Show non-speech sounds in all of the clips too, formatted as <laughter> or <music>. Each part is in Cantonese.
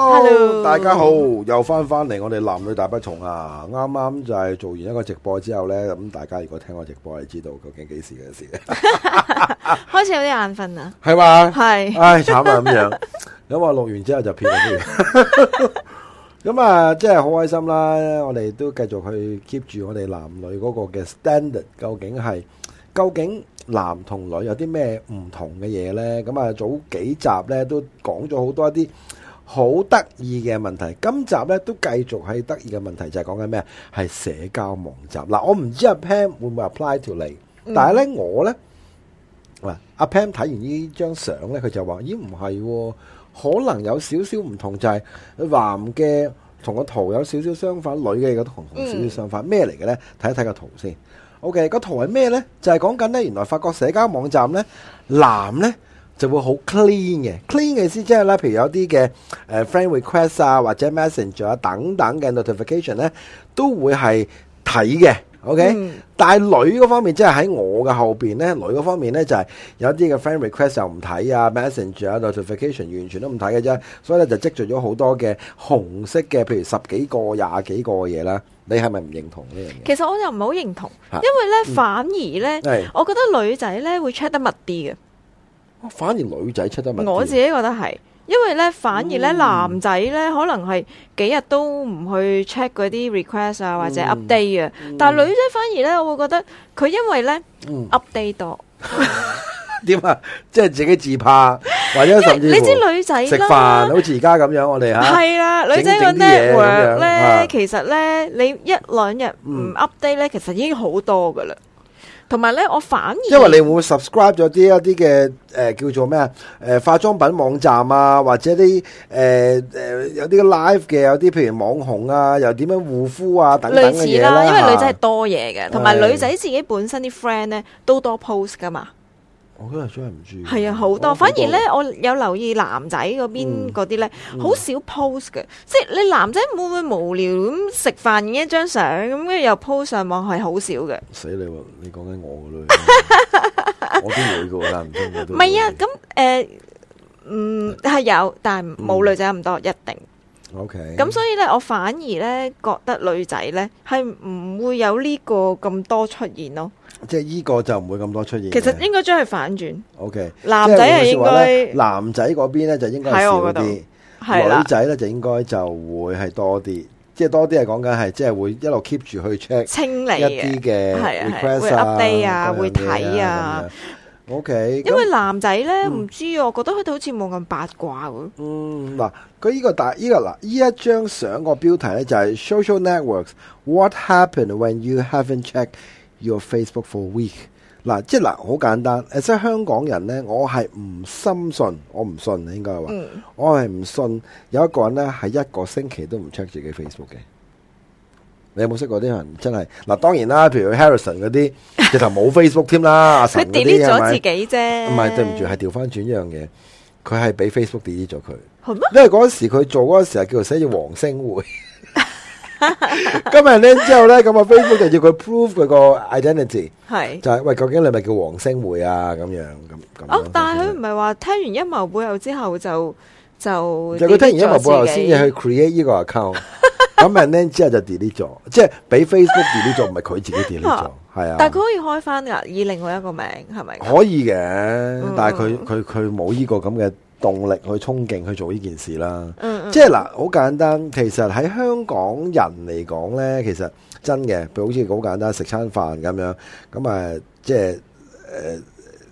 Hello，大家好，又返返嚟。我哋男女大不同啊！啱啱就係做完一個直播之後呢，咁大家如果聽我直播，你知道究竟幾時嘅事？開始有啲眼瞓啦，係嘛係唉，慘啊！咁樣咁我錄完之後就撇咗啲咁啊，即係好開心啦。我哋都繼續去 keep 住我哋男女嗰個嘅 standard，究竟係究竟男同女有啲咩唔同嘅嘢呢？咁啊，早幾集呢都講咗好多一啲。好得意嘅問題，今集咧都繼續係得意嘅問題，就係講緊咩？係社交網站嗱，我唔知阿 Pam 會唔會 apply 條嚟，但係咧我咧，嗱，阿 Pam 睇完呢張相咧，佢就話：咦，唔係喎，可能有少少唔同，就係男嘅同個圖有少少相反，女嘅亦都同少少相反，咩嚟嘅咧？睇一睇個圖先。OK，個圖係咩咧？就係講緊咧，原來發覺社交網站咧，男咧。就會好 clean 嘅，clean 嘅意思即係咧，譬如有啲嘅誒 friend request 啊，或者 message 啊等等嘅 notification 咧、啊，都會係睇嘅，OK、嗯。但係女嗰方面即係喺我嘅後面咧，女嗰方面咧就係、是、有啲嘅 friend request 又唔睇啊、嗯、message 啊 notification 完全都唔睇嘅啫，所以咧就積聚咗好多嘅紅色嘅，譬如十幾個、廿幾個嘅嘢啦。你係咪唔認同呢樣嘢？其實我又唔係好認同，因為咧、啊嗯、反而咧，我覺得女仔咧會 check 得密啲嘅。反而女仔出得問題，我自己覺得係，因為咧反而咧男仔咧、嗯、可能係幾日都唔去 check 嗰啲 request 啊或者 update 啊、嗯，但係女仔反而咧我會覺得佢因為咧、嗯、update 多，點啊， <laughs> 即係自己自拍或者甚至乎你知女仔食飯好似而家咁樣，我哋啊，係啦，女仔 network 咧，其實咧你一兩日唔 update 咧、嗯，其實已經好多噶啦。同埋咧，我反而因為你會 subscribe 咗啲一啲嘅、呃、叫做咩啊、呃，化妝品網站啊，或者啲誒有啲嘅 live 嘅，有啲譬如網紅啊，又點樣護膚啊等等嘅嘢、啊、類似啦。因為女仔係多嘢嘅，同埋女仔自己本身啲 friend 咧都多 post 噶嘛。我都係真係唔知，係啊，好多。反而咧，我有留意男仔嗰邊嗰啲咧，好少 post 嘅。即係你男仔會唔會無聊咁食飯影一張相，咁跟住又 post 上網係好少嘅。死你喎！你講緊我嘅咯，我都女嘅，但唔通我都唔係啊。咁誒，嗯係有，但係冇女仔咁多一定。OK。咁所以咧，我反而咧覺得女仔咧係唔會有呢個咁多出現咯。即係依個就唔會咁多出現。其實應該將佢反轉。O K，男仔係應該男仔嗰邊咧就應該少啲，女仔咧就應該就會係多啲。即係多啲係講緊係即係會一路 keep 住去 check 清理一啲嘅 request 啊、update 啊、會睇啊。O K，因為男仔咧唔知，我覺得佢哋、就是啊啊啊啊啊嗯、好似冇咁八卦、啊嗯嗯這個。嗯、這個，嗱，佢依個但係依個嗱依一張相個標題咧就係 Social Networks。What happened when you haven't checked？Your Facebook for a week 嗱、啊，即係嗱，好、啊、簡單。即係香港人咧，我係唔深信，我唔信你應該話，嗯、我係唔信有一個人咧係一個星期都唔 check 自己的 Facebook 嘅。你有冇識過啲人真係？嗱、啊，當然啦，譬如 Harrison 嗰啲， <laughs> 直頭冇 Facebook 添、啊、啦。佢 delete 咗自己啫，唔係對唔住，係調翻轉呢樣嘢，佢係俾 Facebook delete 咗佢。因為嗰時佢做嗰時係叫做寫住黃星會。 <laughs> 今日咧之後咧，咁啊 Facebook 就要佢 prove 佢個 identity，係就係喂，究竟你係咪叫黃星梅啊？咁樣咁咁。Oh, so、但係佢唔係話聽完陰謀背後之後就就就佢聽完陰謀背後先至去 create 呢個 account。今日咧之後就 delete 咗， <laughs> 即係俾 Facebook delete 咗，唔係佢自己 delete 咗，係 <laughs> 啊。但係佢可以開翻啊，以另外一個名係咪？可以嘅，嗯、但係佢佢佢冇呢個咁嘅。動力去衝勁去做呢件事啦，即係嗱，好簡單。其實喺香港人嚟講咧，其實真嘅，譬如好似好簡單食餐飯咁樣，咁啊，即係誒，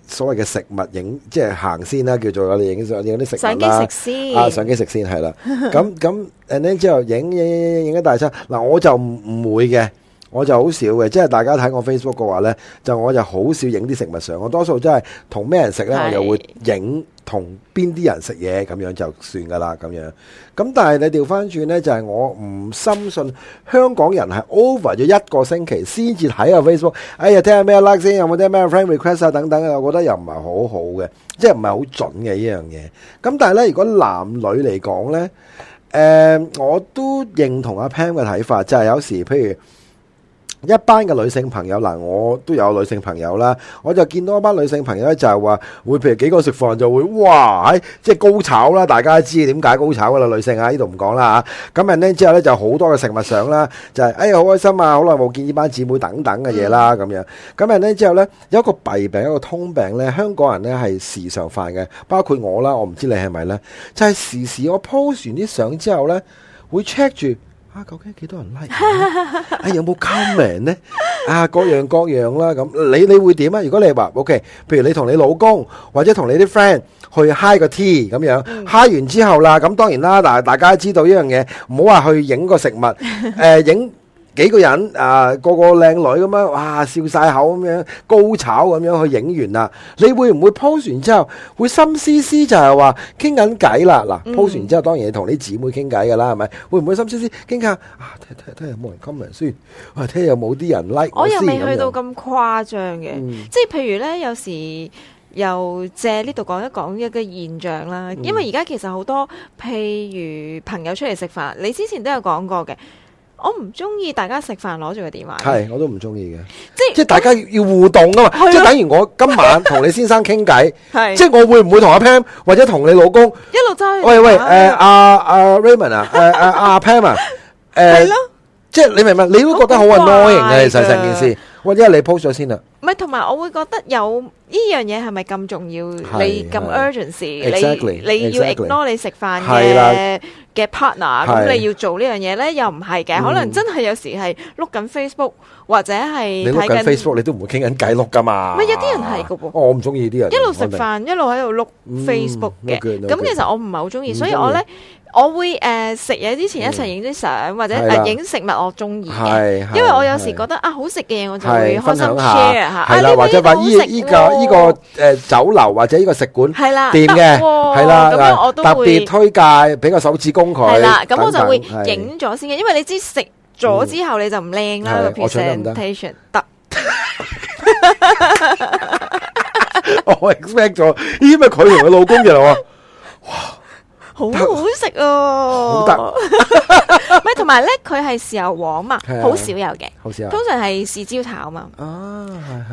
所謂嘅食物影，即係行先啦，叫做我哋影相影啲食物啦，相機食先，啊，相機食先係啦。咁咁誒，之後影影影影影一大餐，嗱，我就唔唔會嘅。我就好少嘅，即係大家睇我 Facebook 嘅話呢，就我就好少影啲食物相。我多數真係同咩人食呢？我又會影同邊啲人食嘢咁樣就算噶啦。咁樣咁，但係你調翻轉呢，就係、是、我唔深信香港人係 over 咗一個星期先至睇我 Facebook。哎呀，聽下咩 like 先，有冇聽咩 friend request 啊？等等，我覺得又唔係好好嘅，即係唔係好準嘅呢樣嘢。咁但係呢，如果男女嚟講呢，誒、呃，我都認同阿 Pam 嘅睇法，就係、是、有時譬如。一班嘅女性朋友嗱，我都有女性朋友啦，我就見到一班女性朋友咧，就係話會譬如幾個食飯就會哇，即係高炒啦，大家知點解高炒啦，女性啊呢度唔講啦嚇。咁人咧之後咧就好多嘅食物相啦，就係、是、哎呀好開心啊，好耐冇見呢班姊妹等等嘅嘢啦咁樣咁人咧之後咧有一個弊病，有一個通病咧，香港人咧係時常犯嘅，包括我啦，我唔知你係咪咧，就係、是、時時我 post 完啲相之後咧會 check 住。啊，究竟幾多人 like？啊，有冇 comment 呢？啊，各樣各樣啦，咁你你會點啊？如果你話 O K，譬如你同你老公或者同你啲 friend 去 high 個 tea 咁樣，high 完之後啦，咁當然啦，嗱，大家知道一樣嘢，唔好話去影個食物，誒，影。幾個人啊，個個靚女咁樣，哇笑晒，口咁樣，高炒咁樣去影完啦。你會唔會 post 完之後會心思思就係話傾緊偈啦？嗱、嗯，post、啊、完之後當然同啲姊妹傾偈噶啦，係咪？會唔會心思思傾下啊？睇睇睇有冇人 comment 先，睇、啊、有冇啲人 like？我，我又未去到咁誇張嘅。即係譬如呢，有時又借呢度講一講一個現象啦。因為而家其實好多，譬如朋友出嚟食飯，你之前都有講過嘅。我唔中意大家食飯攞住個電話。係，我都唔中意嘅。即係即係大家要互動㗎嘛，即係等於我今晚同你先生傾偈，係， <laughs> 即係我會唔會同阿 Pam 或者同你老公一路喂喂，誒阿阿 Raymond 啊，誒誒阿 Pam 啊，誒，係咯，即係你明唔明，你都覺得好 annoying 嘅其實成件事，或者係你 post 咗先啦。唔係，同埋我會覺得有呢樣嘢係咪咁重要？你咁 urgent，你你要 ignore 你食飯嘅嘅 partner，咁你要做呢樣嘢咧？又唔係嘅，可能真係有時係碌緊 Facebook 或者係睇緊 Facebook，你都唔會傾緊偈碌噶嘛。唔係，有啲人係嘅喎，我唔中意啲人一路食飯一路喺度碌 Facebook 嘅。咁其實我唔係好中意，所以我咧，我會誒食嘢之前一齊影啲相，或者誒影食物我中意嘅，因為我有時覺得啊好食嘅嘢我就會開心 share。係啦，或者話依依個依個誒酒樓或者依個食館，係啦，店嘅，係啦、啊、特別推介，俾個手指公佢。係啦，咁我就會影咗先嘅，因為你知食咗之後你就唔靚啦 presentation 得。我 expect 咗， <laughs> <laughs> <laughs> <laughs> <laughs> 因為佢同佢老公嘅好好食哦，唔係，同埋咧，佢 <laughs> 係豉油王嘛，少好少有、啊、嘅，通常係豉椒炒嘛，咁、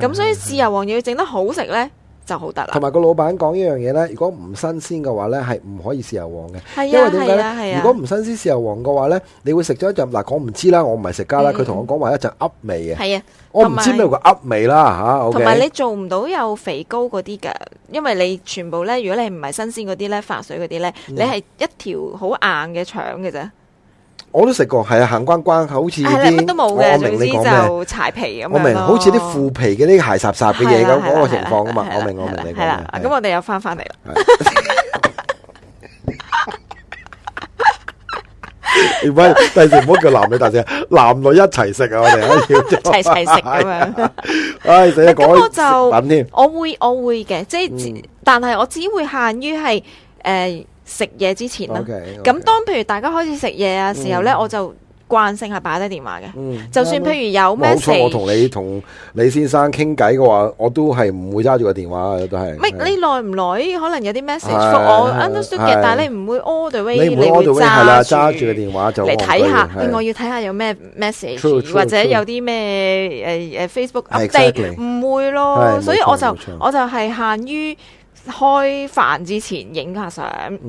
啊、所以豉油王要整得好食咧。就好得啦。同埋個老闆講一樣嘢咧，如果唔新鮮嘅話咧，係唔可以豉油黃嘅。係啊，係啊，係啊。因為點解咧？係啊，係啊。如果唔新鮮豉油黃嘅話咧，你會食咗一陣嗱，我唔知啦，我唔係食家啦。佢同我講話一陣噏味嘅。係啊，我唔知咩個噏味啦嚇。同埋你做唔到有肥膏嗰啲㗎，因為你全部咧，如果你唔係新鮮嗰啲咧，發水嗰啲咧，你係一條好硬嘅腸嘅啫。嗯我都食過，係啊，行關關好似係，乜都冇嘅。我明你就柴皮咁，我明，好似啲腐皮嘅啲鞋雜雜嘅嘢咁嗰個情況啊嘛，我明我明你講。係啦，咁我哋又翻翻嚟啦。喂，第時唔好叫男女大少，男女一齊食啊！我哋一齊食，一齊食咁樣。哎，成日講就諗添。我會我會嘅，即係，但係我只會限於係誒。食嘢之前啦，咁當譬如大家開始食嘢啊時候咧，嗯、我就慣性係擺低電話嘅、嗯，就算譬如有咩冇錯，我同你同李先生傾偈嘅話，我都係唔會揸住個電話嘅都係。咪、嗯、係你耐唔耐，可能有啲 message、哎哎、我 understood、哎、但係你唔會 all the way，你唔會揸住個電話就嚟睇下，我要睇下有咩 message 或者有啲咩誒誒 Facebook update，唔會咯，所以我就我就係限於。開飯之前影下相，咁、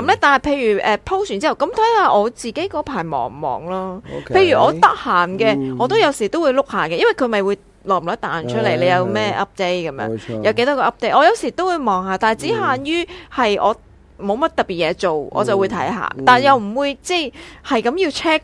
嗯、呢。但係譬如誒 po 完之後，咁睇下我自己嗰排忙唔忙咯。Okay, 譬如我得閒嘅、嗯，我都有時都會碌下嘅，因為佢咪會落唔落彈出嚟，你有咩 update 咁樣，有幾多個 update。我有時都會望下，但係只限於係我。嗯冇乜特別嘢做，我就會睇下、嗯嗯，但又唔會即係咁要 check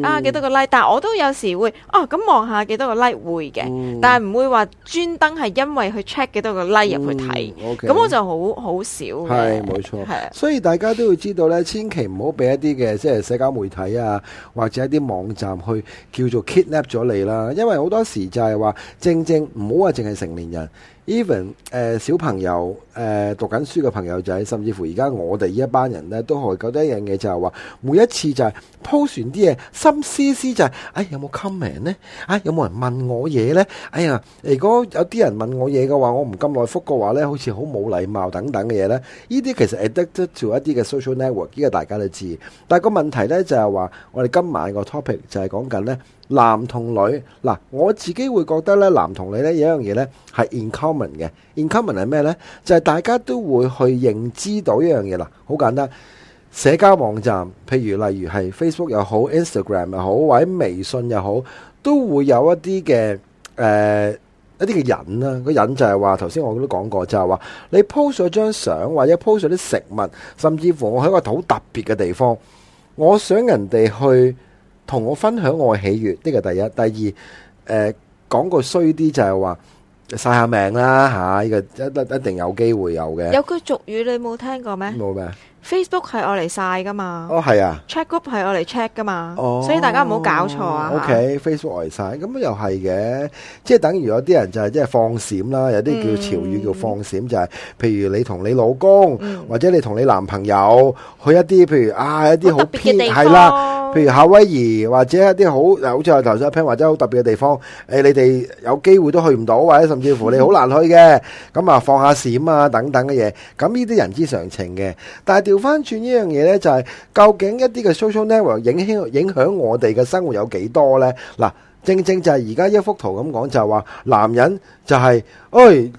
住啊幾多個 like。但我都有時會啊咁望下幾多個 like 會嘅、嗯，但係唔會話專登係因為去 check 幾多個 like 入去睇。咁、嗯 okay, 我就好好少，係冇錯。所以大家都會知道呢，千祈唔好俾一啲嘅即係社交媒體啊，或者一啲網站去叫做 kidnap 咗你啦。因為好多時就係話正正唔好話淨係成年人。Even 誒、呃、小朋友誒、呃、讀緊書嘅朋友仔，甚至乎而家我哋呢一班人咧，都係覺得一樣嘢，就係話，每一次就係鋪傳啲嘢，心思思就係、是，哎有冇 comment 咧？啊、哎、有冇人問我嘢咧？哎呀，如果有啲人問我嘢嘅話，我唔咁耐覆嘅話咧，好似好冇禮貌等等嘅嘢咧。呢啲其實 Addicted to 一啲嘅 social network，呢個大家都知。但係個問題咧就係、是、話，我哋今晚個 topic 就係講緊咧。男同女嗱，我自己會覺得咧，男同女咧有一樣嘢咧係 in common 嘅。in common 係咩咧？就係大家都會去認知到一樣嘢啦。好簡單，社交網站譬如例如係 Facebook 又好，Instagram 又好，或者微信又好，都會有一啲嘅誒一啲嘅人啊。個人就係話頭先我都講過，就係話你 post 咗張相，或者 post 咗啲食物，甚至乎我喺個好特別嘅地方，我想人哋去，同我分享我嘅喜悅，呢個第一。第二，誒、呃、講句衰啲就係話晒下命啦吓呢、啊啊、個一個一個一定有機會有嘅。有句俗語你冇聽過咩？冇咩？Facebook 係愛嚟晒噶嘛？哦係啊，check group 係愛嚟 check 噶嘛？哦，所以大家唔好搞錯啊。OK，Facebook 愛嚟晒咁又係嘅，即係等於有啲人就係即係放閃啦，有啲叫潮語叫放閃，就係譬如你同你老公或者你同你男朋友去一啲譬如啊一啲好偏係啦，譬如夏威夷或者一啲好誒，好似我頭先一拼或者好特別嘅地方，誒你哋有機會都去唔到或者甚至乎你好難去嘅，咁啊放下閃啊等等嘅嘢，咁呢啲人之常情嘅，但係。調翻轉呢樣嘢咧，就係究竟一啲嘅 social network 影響影響我哋嘅生活有幾多咧？嗱，正正就係而家一幅圖咁講，就係話男人就係，哎，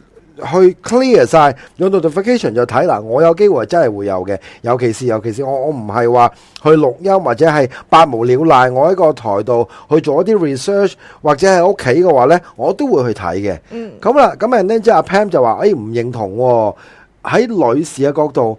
去 clear 晒用 notification 就睇。嗱，我有機會真係會有嘅，尤其是尤其是我我唔係話去錄音或者係百無聊賴，我喺個台度去做一啲 research，或者喺屋企嘅話咧，我都會去睇嘅。嗯，咁啦，咁啊，呢即係阿 Pam 就話，哎，唔認同喎，喺女士嘅角度。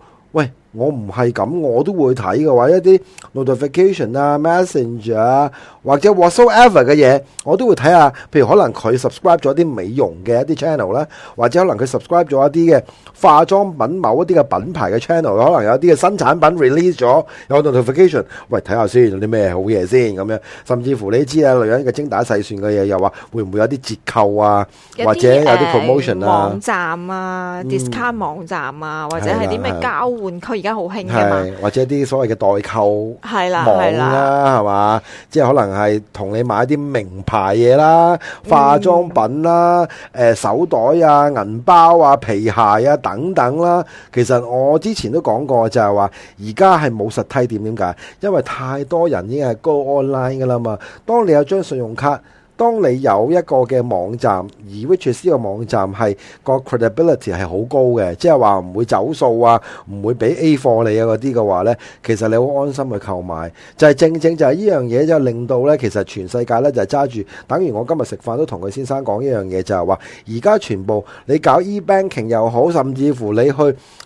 我唔係咁，我都會睇嘅話，一啲 notification 啊、message 啊，或者 whatsoever 嘅嘢，我都會睇下。譬如可能佢 subscribe 咗啲美容嘅一啲 channel 啦，或者可能佢 subscribe 咗一啲嘅化妝品某一啲嘅品牌嘅 channel，可能有啲嘅新產品 release 咗，有 notification，喂，睇下先有啲咩好嘢先咁樣，甚至乎你知啊，女人嘅精打細算嘅嘢又話會唔會有啲折扣啊？或者有啲 promotion 啊？Uh, 網站啊，嗯，discount 網站啊，或者係啲咩交換區。而家好興或者啲所謂嘅代購網啦，係嘛，即係可能係同你買啲名牌嘢啦、化妝品啦、誒、嗯、手袋啊、銀包啊、皮鞋啊等等啦。其實我之前都講過就，就係話而家係冇實體店，點解？因為太多人已經係 go online 噶啦嘛。當你有張信用卡。當你有一個嘅網站而 e-watches 呢個網站係個 credibility 係好高嘅，即係話唔會走數啊，唔會俾 A 貨你啊嗰啲嘅話咧，其實你好安心去購買，就係、是、正正就係呢樣嘢就令到咧，其實全世界咧就係揸住。等於我今日食飯都同佢先生講呢樣嘢，就係話而家全部你搞 e-banking 又好，甚至乎你去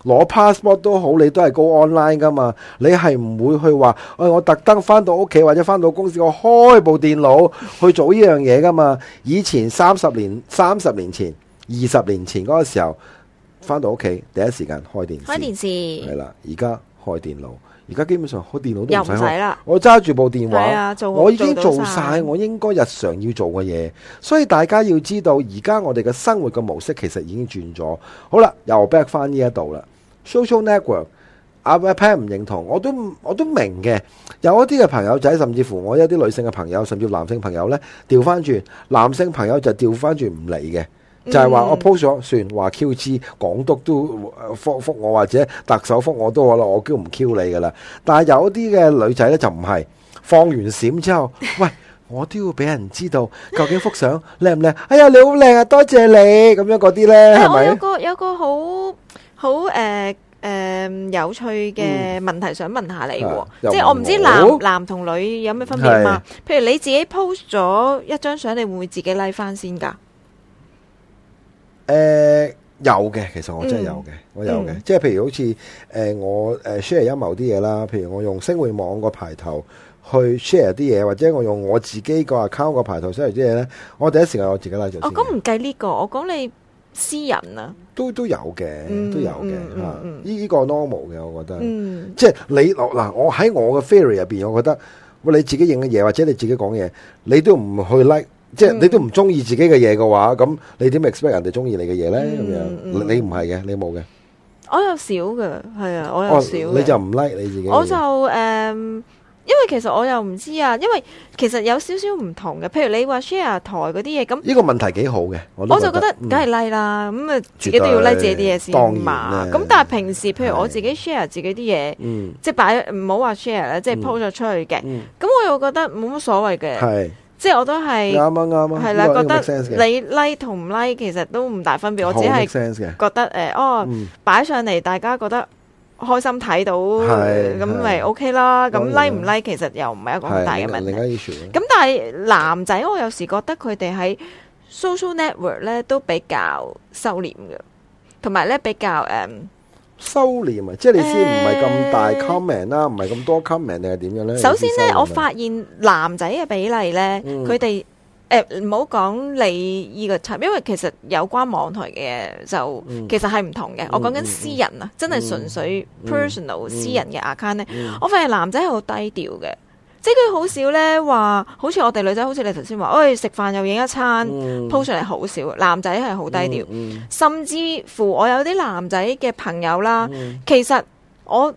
攞 passport 都好，你都係 go online 噶嘛。你係唔會去話誒、哎、我特登翻到屋企或者翻到公司，我開部電腦去做呢樣嘢噶嘛？以前三十年三十年前、二十年前嗰個時候，翻到屋企第一時間開電視，開電視係啦。而家開電腦，而家基本上電腦開電腦都唔使啦。我揸住部電話，我已經做晒我應該日常要做嘅嘢，所以大家要知道，而家我哋嘅生活嘅模式其實已經轉咗。好啦，又 back 翻呢一度啦，Social network。阿 pair 唔認同，我都我都明嘅。有一啲嘅朋友仔，甚至乎我有啲女性嘅朋友，甚至男性朋友呢，調翻轉，男性朋友就調翻轉唔理嘅，就係、是、話我 po 咗算，話 QG 港督都覆覆我或者特首覆我都好，我我 Q 唔 Q 你噶啦。但係有一啲嘅女仔呢，就唔係，放完閃之後， <laughs> 喂，我都要俾人知道究竟幅相靚唔靚？哎呀你好靚啊，多謝你咁樣嗰啲呢，係、啊、咪？有個有個好好誒。Uh, 誒、嗯，有趣嘅問題想問下你喎、嗯，即係我唔知道男男同女有咩分別嘛？譬如你自己 post 咗一張相，你會唔會自己拉、like、翻先㗎？誒、呃，有嘅，其實我真係有嘅、嗯，我有嘅，即係譬如好似誒、呃、我誒 share 一某啲嘢啦，譬如我用星匯網個排頭去 share 啲嘢，或者我用我自己個 account 個排頭 share 啲嘢咧，我第一時間我自己拉咗哦，咁唔計呢個，我講你。私人啊，都都有嘅，都有嘅，呢呢、嗯嗯嗯啊這個是 normal 嘅，我覺得，嗯、即係你嗱，我喺我嘅 theory 入邊，我覺得，你自己影嘅嘢或者你自己講嘢，你都唔去 like，即係你都唔中意自己嘅嘢嘅話，咁、嗯、你點 expect 人哋中意你嘅嘢咧？咁樣你唔係嘅，你冇嘅，我有少嘅，係啊，我有少的、哦，你就唔 like 你自己的，我就誒。Um, 因為其實我又唔知啊，因為其實有少少唔同嘅，譬如你話 share 台嗰啲嘢咁，呢、這個問題幾好嘅，我就覺得梗係、嗯、like 啦，咁啊自己都要 like 自己啲嘢先嘛。咁但係平時譬如我自己 share 自己啲嘢，即係擺唔好話 share 咧、嗯，即係 post 咗出去嘅。咁、嗯、我又覺得冇乜所謂嘅，即係我都係啱啊啱係、啊、啦、這個，覺得你 like 同唔 like 其實都唔大分別，我只係覺得誒，哦，擺、嗯、上嚟大家覺得。開心睇到咁咪 OK 啦，咁 like 唔 like 其實又唔係一個好大嘅問題。咁但係男仔我有時覺得佢哋喺 social network 咧都比較收斂嘅，同埋咧比較誒、嗯、收斂啊，即係你先唔係咁大 comment 啦、啊，唔係咁多 comment 定係點樣咧？首先咧，我發現男仔嘅比例咧，佢、嗯、哋。誒、呃，唔好講你呢個，因為其實有關網台嘅就其實係唔同嘅、嗯。我講緊私人啊、嗯，真係純粹 personal、嗯、私人嘅 account 咧。我發現男仔係好低調嘅，即係佢好少咧話，好似我哋女仔，好似你頭先話，喂，食飯又影一餐，po 上嚟，好少。男仔係好低調、嗯嗯，甚至乎我有啲男仔嘅朋友啦、嗯，其實我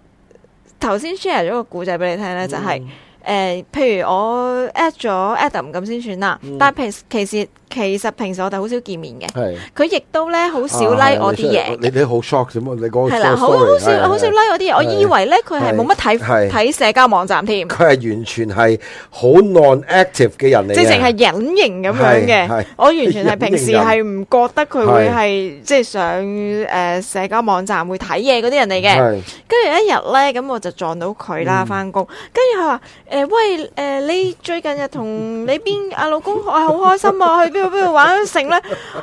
頭先 share 咗個故仔俾你聽咧，就係、是。嗯誒、呃，譬如我 at 咗 Adam 咁先算啦、哦，但係平時其實其實平時我哋好少見面嘅，佢亦都咧好少 like 我啲嘢。你哋好 shock 點啊？你講係啦，好少好少 like 我啲嘢。我以為咧佢係冇乜睇睇社交網站添。佢係完全係好 non active 嘅人嚟嘅，直情係隱形咁樣嘅。我完全係平時係唔覺得佢會係即係上誒社交網站會睇嘢嗰啲人嚟嘅。跟住一日咧，咁我就撞到佢啦，翻工。跟住佢話：誒喂，誒你最近又同你邊阿老公啊好開心啊？去邊？去邊度玩成咧？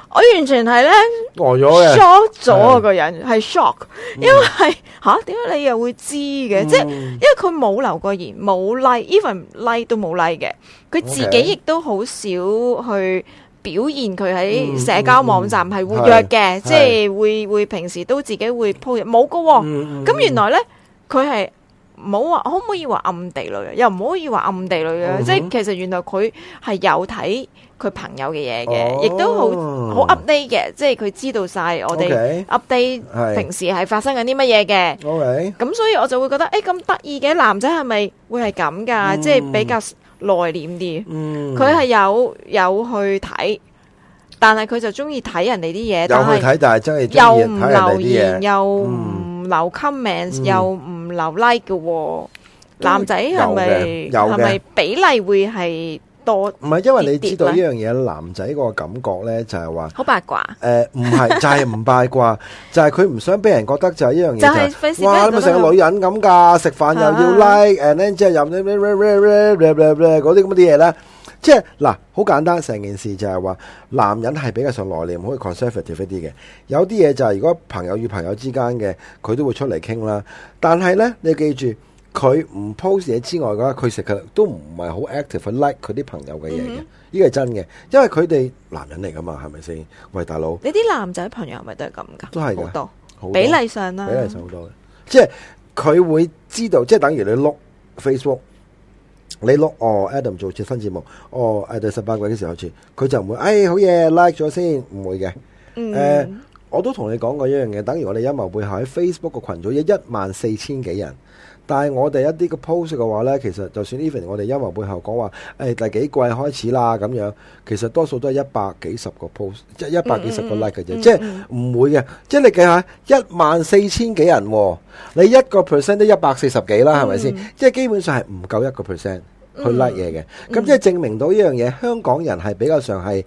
我完全係咧，呆咗嘅，shock 咗個人係 shock，因為吓點解你又會知嘅？嗯、即係因為佢冇留過言，冇 like，even like 都冇 like 嘅。佢自己亦都好少去表現佢喺社交網站係活躍嘅，即係會會平時都自己會 po 入冇嘅。咁、嗯嗯嗯嗯嗯、原來咧，佢係冇話可唔可以話暗地裏，又唔可以話暗地裏嘅、嗯。即係其實原來佢係有睇。佢朋友嘅嘢嘅，亦都好好 update 嘅，即係佢知道晒我哋 update 平時係發生緊啲乜嘢嘅。咁、okay，所以我就會覺得，誒、欸、咁得意嘅男仔係咪會係咁噶？即係比較內斂啲，佢、嗯、係有有去睇，但係佢就中意睇人哋啲嘢。有去睇，但係真係中意睇人哋啲嘢，又唔留 comment，又唔留言、嗯、留 like 嘅。男仔係咪係咪比例會係？多唔係，因為你知道呢樣嘢，男仔個感覺咧就係話好八卦。誒，唔係就係唔八卦，就係佢唔想俾人覺得就係呢樣嘢就係哇，你咪成個女人咁噶，食飯又要 like，咧即係又咩咩咩咩咩咩咩嗰啲咁嘅啲嘢咧，即係嗱，好簡單成件事就係話，男人係比較上內斂，可以 conservative 啲嘅。有啲嘢就係如果朋友與朋友之間嘅，佢都會出嚟傾啦。但係咧，你要記住。佢唔 post 嘢之外，噶佢食佢都唔係好 active，like 佢啲朋友嘅嘢嘅，呢個係真嘅，因為佢哋男人嚟噶嘛，係咪先？喂，大佬，你啲男仔朋友係咪都係咁噶？都係嘅，多,多比例上啦，比例上好多嘅，即係佢會知道，即係等於你碌 Facebook，你碌哦 Adam 做脱新節目，哦誒第十八季嘅時候好似佢就唔會誒好嘢 like 咗先，唔會嘅誒、嗯呃，我都同你講過一樣嘢，等於我哋陰謀背後喺 Facebook 個群組有一萬四千幾人。但係我哋一啲嘅 post 嘅話呢，其實就算 even 我哋音樂背後講話，誒、哎、第幾季開始啦咁樣，其實多數都係一百幾十個 post，即係一百幾十個 like 嘅啫、嗯嗯，即係唔會嘅。即係你計下，一萬四千幾人，喔，你一個 percent 都一百四十幾啦，係咪先？即係基本上係唔夠一個 percent 去 like 嘢嘅，咁、嗯嗯、即係證明到呢樣嘢，香港人係比較上係。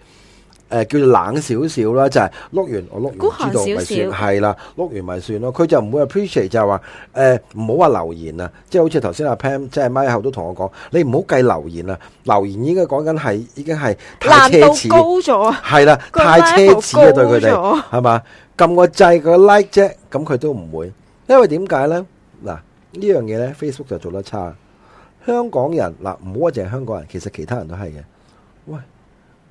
誒，叫做冷少少啦，就係碌完我碌完知道咪算，係啦碌完咪算咯。佢就唔會 appreciate 就係話，誒唔好話留言啊，即係好似頭先阿 Pam 即係 Mike 都同我講，你唔好計留言啊，留言應該講緊係已經係難度高咗，係啦，太奢侈啊對佢哋係嘛，撳個掣個 like 啫，咁佢都唔會，因為點解咧？嗱呢樣嘢咧，Facebook 就做得差，香港人嗱唔好話淨係香港人，其實其他人都係嘅，喂。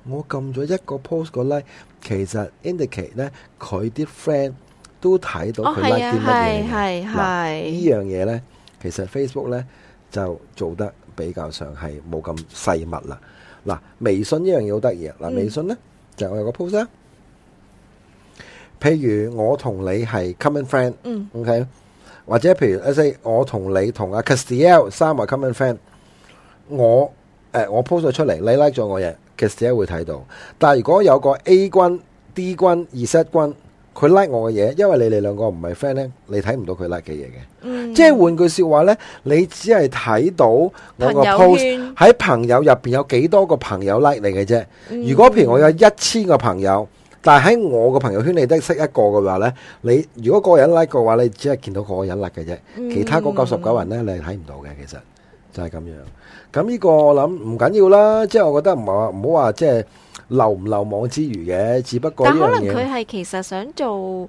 我撳咗一個 post 個 like，其實 indicate 咧佢啲 friend 都睇到佢 like 啲乜嘢嘅。嗱，呢樣嘢咧，其實 Facebook 咧就做得比較上係冇咁細密啦。嗱，微信一樣嘢好得意啊！嗱，微信咧就我有個 post 啊。譬如我同你係 common friend，嗯，OK，或者譬如，say 我同你同阿 Castiel 三個 common friend，我誒我 post 咗出嚟，你 like 咗我嘢嘅時候會睇到，但係如果有個 A 君、D 君、E set 君，佢 like 我嘅嘢，因為你哋兩個唔係 friend 呢，你睇唔到佢 like 嘅嘢嘅。嗯，即係換句説話呢，你只係睇到我個 post 喺朋友入邊有幾多個朋友 like 你嘅啫。如果譬如我有一千個朋友，但係喺我個朋友圈你得識一個嘅話呢，你如果個人 like 嘅話，你只係見到嗰個人 like 嘅啫，其他嗰九十九人呢，你係睇唔到嘅其實。就係咁樣，咁呢個我諗唔緊要啦，即係我覺得唔好話唔好話，即係漏唔漏網之餘嘅，只不過。但可能佢係其實想做。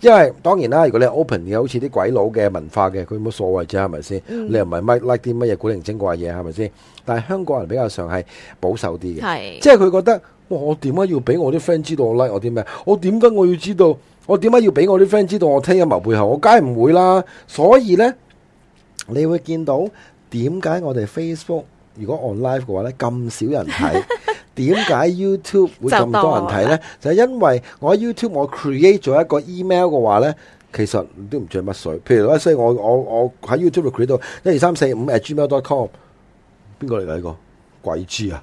因為當然啦，如果你係 open，你好似啲鬼佬嘅文化嘅，佢冇所謂啫，係咪先？嗯、你又唔係 like like 啲乜嘢古靈精怪嘢，係咪先？但係香港人比較上係保守啲嘅，係，即係佢覺得，哇，我點解要俾我啲 friend 知道我 like 我啲咩？我點解我要知道？我點解要俾我啲 friend 知道我聽音謀背後？我梗係唔會啦。所以呢，你會見到點解我哋 Facebook 如果 on live 嘅話呢，咁少人睇。 <laughs> 點解 YouTube 會咁多人睇咧？ <music> 就係、是、因為我喺 YouTube 我 create 咗一個 email 嘅話咧，其實都唔知係乜水。譬如咧，所以我我我喺 YouTube create 到一二三四五 at gmail dot com，邊個嚟㗎呢個鬼知啊？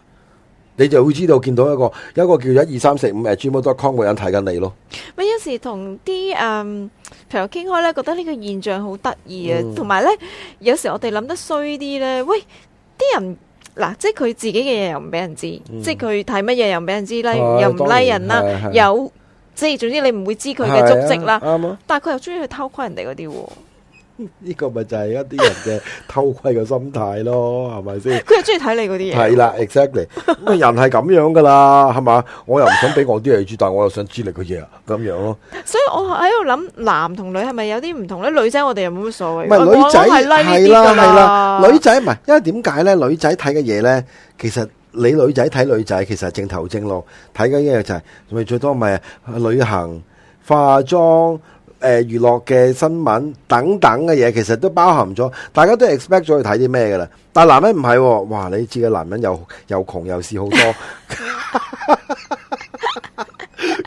你就會知道見到一個有一個叫一二三四五 at gmail dot com 嘅人睇緊你咯。咪有時同啲誒朋友傾開咧，嗯、覺得呢個現象好得意啊。同埋咧，有時我哋諗得衰啲咧，喂，啲人。嗱，即係佢自己嘅嘢又唔俾人知、嗯，即係佢睇乜嘢又唔俾人知，啦、啊、又唔拉、like、人啦，有即係總之你唔會知佢嘅足跡啦，但係佢又中意去偷窺人哋嗰啲喎。呢個咪就係一啲人嘅偷窺嘅心態咯，係咪先？佢係中意睇你嗰啲嘢。係啦，exactly。咁人係咁樣噶啦，係嘛？我又唔想俾我啲嘢知，但係我又想知你嘅嘢啊，咁樣咯。所以我喺度諗，男同女係咪有啲唔同咧？女仔我哋又冇乜所謂。唔係女仔係啦係啦，女仔唔係，因為點解咧？女仔睇嘅嘢咧，其實你女仔睇女仔，其實正頭正路睇緊嘅就係咪最多咪旅行、化妝。誒，娛樂嘅新聞等等嘅嘢，其實都包含咗，大家都 expect 咗去睇啲咩嘅啦。但男人唔係、啊，哇！你知嘅男人又又窮又事好多， <laughs>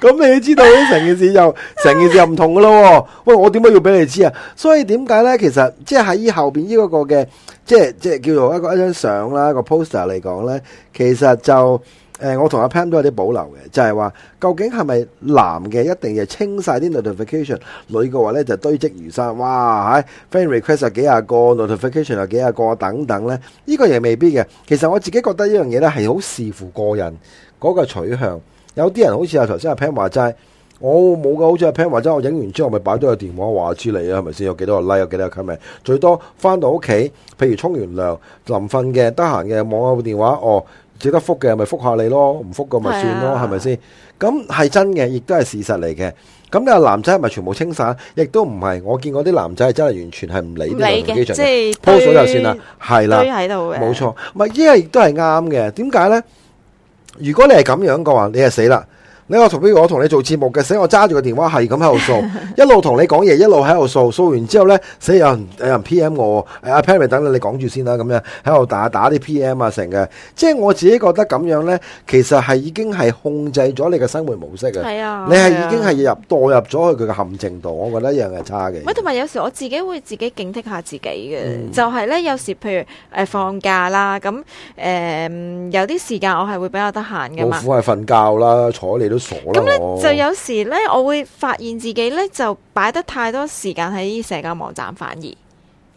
咁 <laughs> <laughs> <laughs> 你知道成件事又成件事又唔同噶喎、啊。喂，我點解要俾你知啊？所以點解咧？其實即係喺後邊呢個個嘅，即係即係叫做一個一張相啦，一個 poster 嚟講咧，其實就。誒、呃，我同阿 Pan 都有啲保留嘅，就係、是、話究竟係咪男嘅一定要清晒啲 notification，女嘅話咧就堆積如山，哇喺 friend request 就幾廿個，notification 就幾廿個等等咧，呢、這個亦未必嘅。其實我自己覺得呢樣嘢咧係好視乎個人嗰、那個取向。有啲人剛才、哦、好似阿頭先阿 Pan 話齋，我冇噶，好似阿 Pan 話齋，我影完之後咪擺咗個電話話之嚟啊，係咪先？有幾多個 like，有幾多個 comment，最多翻到屋企，譬如沖完涼，臨瞓嘅，得閒嘅，望下部電話哦。值得覆嘅，咪覆下你咯，唔覆嘅咪算咯，係咪先？咁係真嘅，亦都係事實嚟嘅。咁你話男仔係咪全部清晒？亦都唔係。我見過啲男仔係真係完全係唔理嘅，即係潑水就算啦，係啦，喺度嘅，冇錯。咪，呢、yeah, 個亦都係啱嘅。點解咧？如果你係咁樣嘅話，你係死啦。你我譬如我同你做節目嘅，死我揸住個電話係咁喺度掃，一路同你講嘢，一路喺度掃，掃完之後呢，死有人有人 P M 我，阿、啊、Pan 等你講住先啦，咁樣喺度打打啲 P M 啊成嘅，即係我自己覺得咁樣呢，其實係已經係控制咗你嘅生活模式嘅、啊，你係已經係入墮、啊、入咗去佢嘅陷阱度，我覺得一樣係差嘅。喂，同埋有，有時候我自己會自己警惕下自己嘅、嗯，就係、是、呢。有時候譬如誒、呃、放假啦，咁誒、呃、有啲時間我係會比較得閒嘅嘛，無非係瞓覺啦，坐嚟都。咁咧就有時咧，我會發現自己咧就擺得太多時間喺社交網站，反而。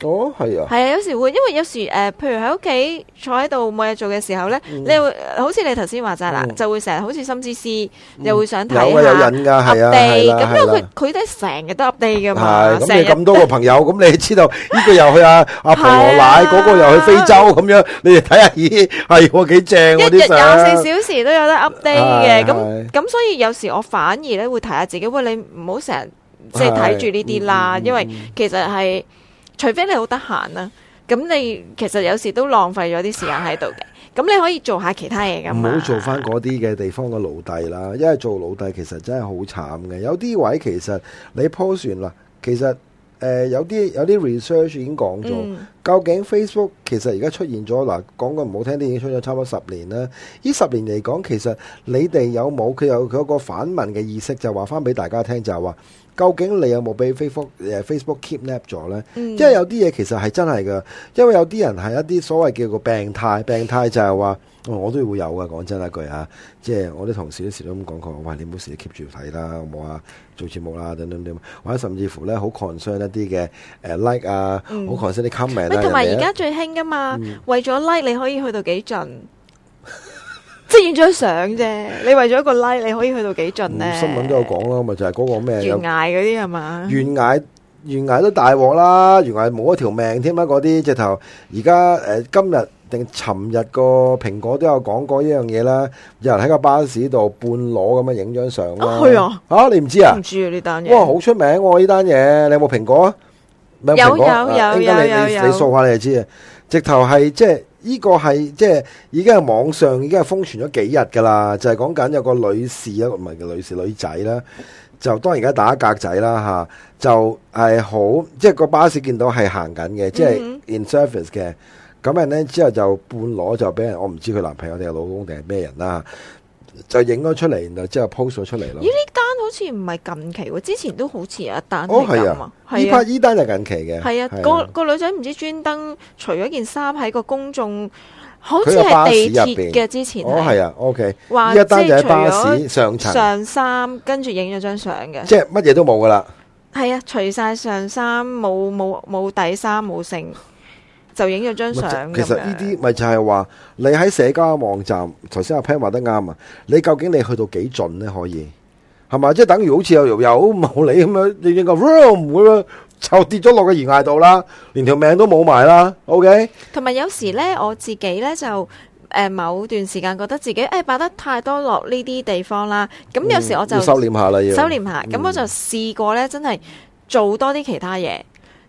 哦，係啊，係啊，有時會，因為有時誒，譬如喺屋企坐喺度冇嘢做嘅時候咧，你會好似你頭先話齋啦，就會成日好似心思思，又會想睇下 update，咁因為佢佢哋成日都 update 噶嘛，成日咁多個朋友，咁你知道呢個又去阿阿婆奶，嗰個又去非洲咁樣，你哋睇下咦，係喎幾正，一日廿四小時都有得 update 嘅，咁咁所以有時我反而咧會提下自己，喂，你唔好成日即係睇住呢啲啦，因為其實係。除非你好得閒啦，咁你其實有時都浪費咗啲時間喺度嘅，咁你可以做下其他嘢咁。唔好做翻嗰啲嘅地方嘅奴隸啦，因為做奴隸其實真係好慘嘅。有啲位其實你波算啦，其實誒、呃、有啲有啲 research 已經講咗，究竟 Facebook 其實而家出現咗嗱，講個唔好聽，啲已經出現咗差唔多十年啦。呢十年嚟講，其實你哋有冇佢有佢個反問嘅意識，就話翻俾大家聽，就係話。究竟你有冇俾 Facebook 誒 Facebook keep nap 咗咧？因為有啲嘢其實係真係噶，因為有啲人係一啲所謂叫做病態，病態就係話、哦，我都會有嘅。講真一句啊，即係我啲同事的時都時都咁講過，喂，你唔好時都 keep 住睇啦，好冇啊，做節目啦、啊，等等點，或者甚至乎咧好 concern 一啲嘅誒 like 啊，好、嗯、concern 啲 comment 同、啊、埋而家最興噶嘛，嗯、為咗 like 你可以去到幾盡。 <laughs> 即係影張相啫，你為咗一個 like，你可以去到幾盡咧？新聞都有講咯，咪就係嗰個咩懸崖嗰啲係嘛？懸崖懸崖都大鑊啦，懸崖冇一條命添啦，嗰啲直頭而家誒今日定尋日個蘋果都有講過呢樣嘢啦，有人喺個巴士度半裸咁樣影張相咯。係啊，吓你唔知啊？唔知呢單嘢？哇，好出名喎呢單嘢！你有冇蘋果啊？有有有有有有，你數下你就知啊！直頭係即係。呢、這個係即係已經係網上已經係瘋傳咗幾日㗎啦，就係講緊有個女士啊，唔係女士女仔啦，就當而家打格仔啦吓、啊，就係、是、好即係個巴士見到係行緊嘅，即、就、係、是、in service 嘅，咁人咧之後就半裸就俾人，我唔知佢男朋友定係老公定係咩人啦，就影咗出嚟，然後之後 post 咗出嚟咯。好似唔係近期，之前都好似一單嚟咁啊係啊，呢拍呢單係近期嘅。係啊，個個女仔唔知專登除咗件衫喺個公眾，好似係地鐵嘅之前。哦，係啊、啊、啊、啊、啊、啊,、哦、啊，O、okay, K，一單就喺巴士上層上衫，跟住影咗張相嘅，即係乜嘢都冇噶啦。係啊，除晒上衫，冇冇冇底衫，冇剩，就影咗張相。其實呢啲咪就係話你喺社交網站，頭先阿 Pan 話得啱啊。你究竟你去到幾盡呢？可以？係咪？即係等於好似有條友冇理咁樣，你正個 room 唔會，就跌咗落個懸崖度啦，連條命都冇埋啦。OK。同埋有時咧，我自己咧就誒、呃，某段時間覺得自己誒，擺、欸、得太多落呢啲地方啦。咁有時我就收斂下啦，要收斂下，下。咁、嗯、我就試過咧，真係做多啲其他嘢。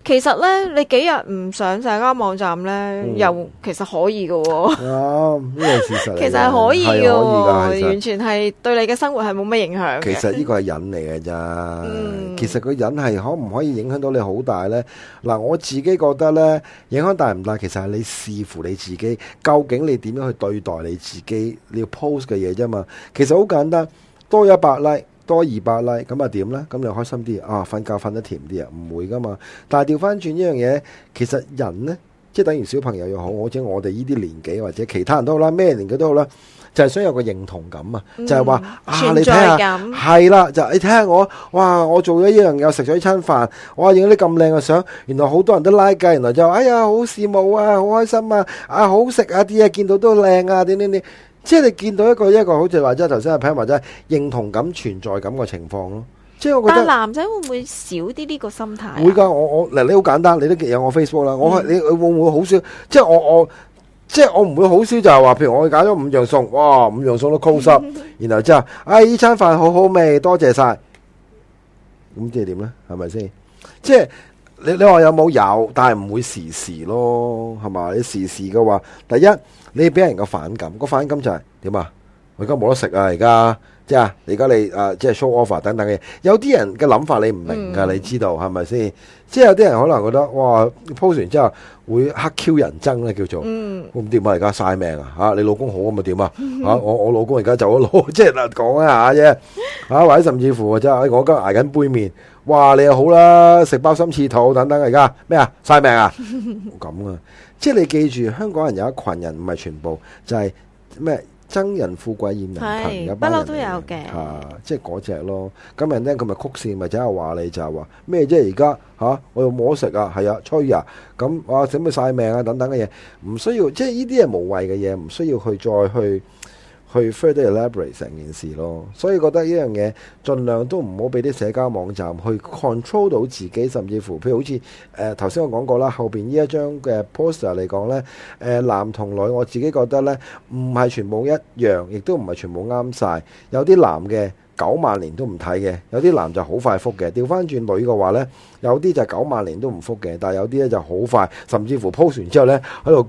其實咧，你幾日唔上社交網站咧，嗯、又其實可以嘅、哦。啊，呢個事實。其實係可以喎。完全係對你嘅生活係冇咩影響。其實呢個係癮嚟嘅咋。嗯、其實個癮係可唔可以影響到你好大咧？嗱、啊，我自己覺得咧，影響大唔大，其實係你視乎你自己，究竟你點樣去對待你自己你要 post 嘅嘢啫嘛。其實好簡單，多一百 like。多二百例咁啊，點呢？咁你開心啲啊？瞓覺瞓得甜啲啊？唔會噶嘛？但係調翻轉呢樣嘢，其實人呢，即係等於小朋友又好，或者我哋呢啲年紀，或者其他人都好啦，咩年紀都好啦，就係、是、想有個認同感啊，嗯，就是，啊！就係話啊，你睇下係啦，就你睇下我哇，我做咗一樣，又食咗一餐飯，我影啲咁靚嘅相，原來好多人都 like 嘅原來就哎呀，好羨慕啊，好開心啊，啊好食啊，啲嘢，見到都靚啊，點點點。即係你見到一個一個好似話，即係頭先阿 Pin 話即係認同感、存在感嘅情況咯，即係我覺得男仔會唔會少啲呢個心態？會噶，我我嗱你好簡單，你都見有我 Facebook 啦，我你佢會唔會好少？即係我我即係我唔會好少就係話，譬如我揀咗五樣餸，哇五樣餸都空晒，然後之後，哎呢餐飯好好味，多謝晒，咁即係點咧？係咪先？即係你你話有冇有？但係唔會時時咯，係嘛？你時時嘅話，第一。你俾人個反感，個反感就係點啊？我而家冇得食啊！而家。即係，而家你啊，即係 show offer 等等嘅，有啲人嘅諗法你唔明噶，嗯、你知道係咪先？即係有啲人可能覺得，哇你，post 完之後會黑 Q 人憎咧，叫做，咁、嗯、點啊？而家晒命啊！吓、啊，你老公好咁咪點啊？吓、啊，我我老公而家走咗佬，即係嗱講啊吓啫，吓或者甚至乎即係我今日捱緊杯麵，哇，你又好啦，食鮑參翅肚等等，而家咩啊？晒命啊？咁 <laughs> 啊，即係你記住，香港人有一群人唔係全部，就係、是、咩？憎人富貴厭人貧，不嬲都有嘅，即係嗰隻咯。今日咧，佢咪曲線，咪真係話你就話、是、咩？即係而家吓，我又冇食啊，係啊，吹啊，咁啊，準備晒命啊，等等嘅嘢，唔需要，即係呢啲係無謂嘅嘢，唔需要去再去。去 further elaborate 成件事咯，所以覺得呢樣嘢盡量都唔好俾啲社交網站去 control 到自己，甚至乎譬如好似誒頭先我講過啦，後邊呢一張嘅 poster 嚟講呢，誒、呃、男同女我自己覺得呢，唔係全部一樣，亦都唔係全部啱晒。有啲男嘅九萬年都唔睇嘅，有啲男就好快覆嘅。調返轉女嘅話呢，有啲就九萬年都唔覆嘅，但係有啲咧就好快，甚至乎 post 完之後呢。喺度。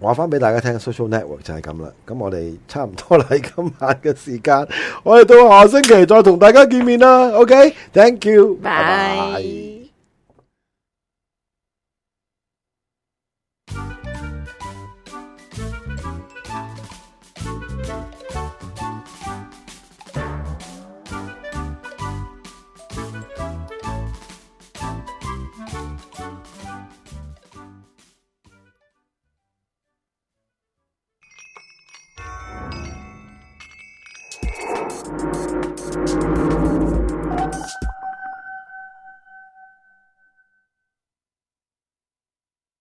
話翻俾大家聽，social network 就係咁啦。咁我哋差唔多啦，今晚嘅時間，我哋到下星期再同大家見面啦。OK，thank you，拜拜。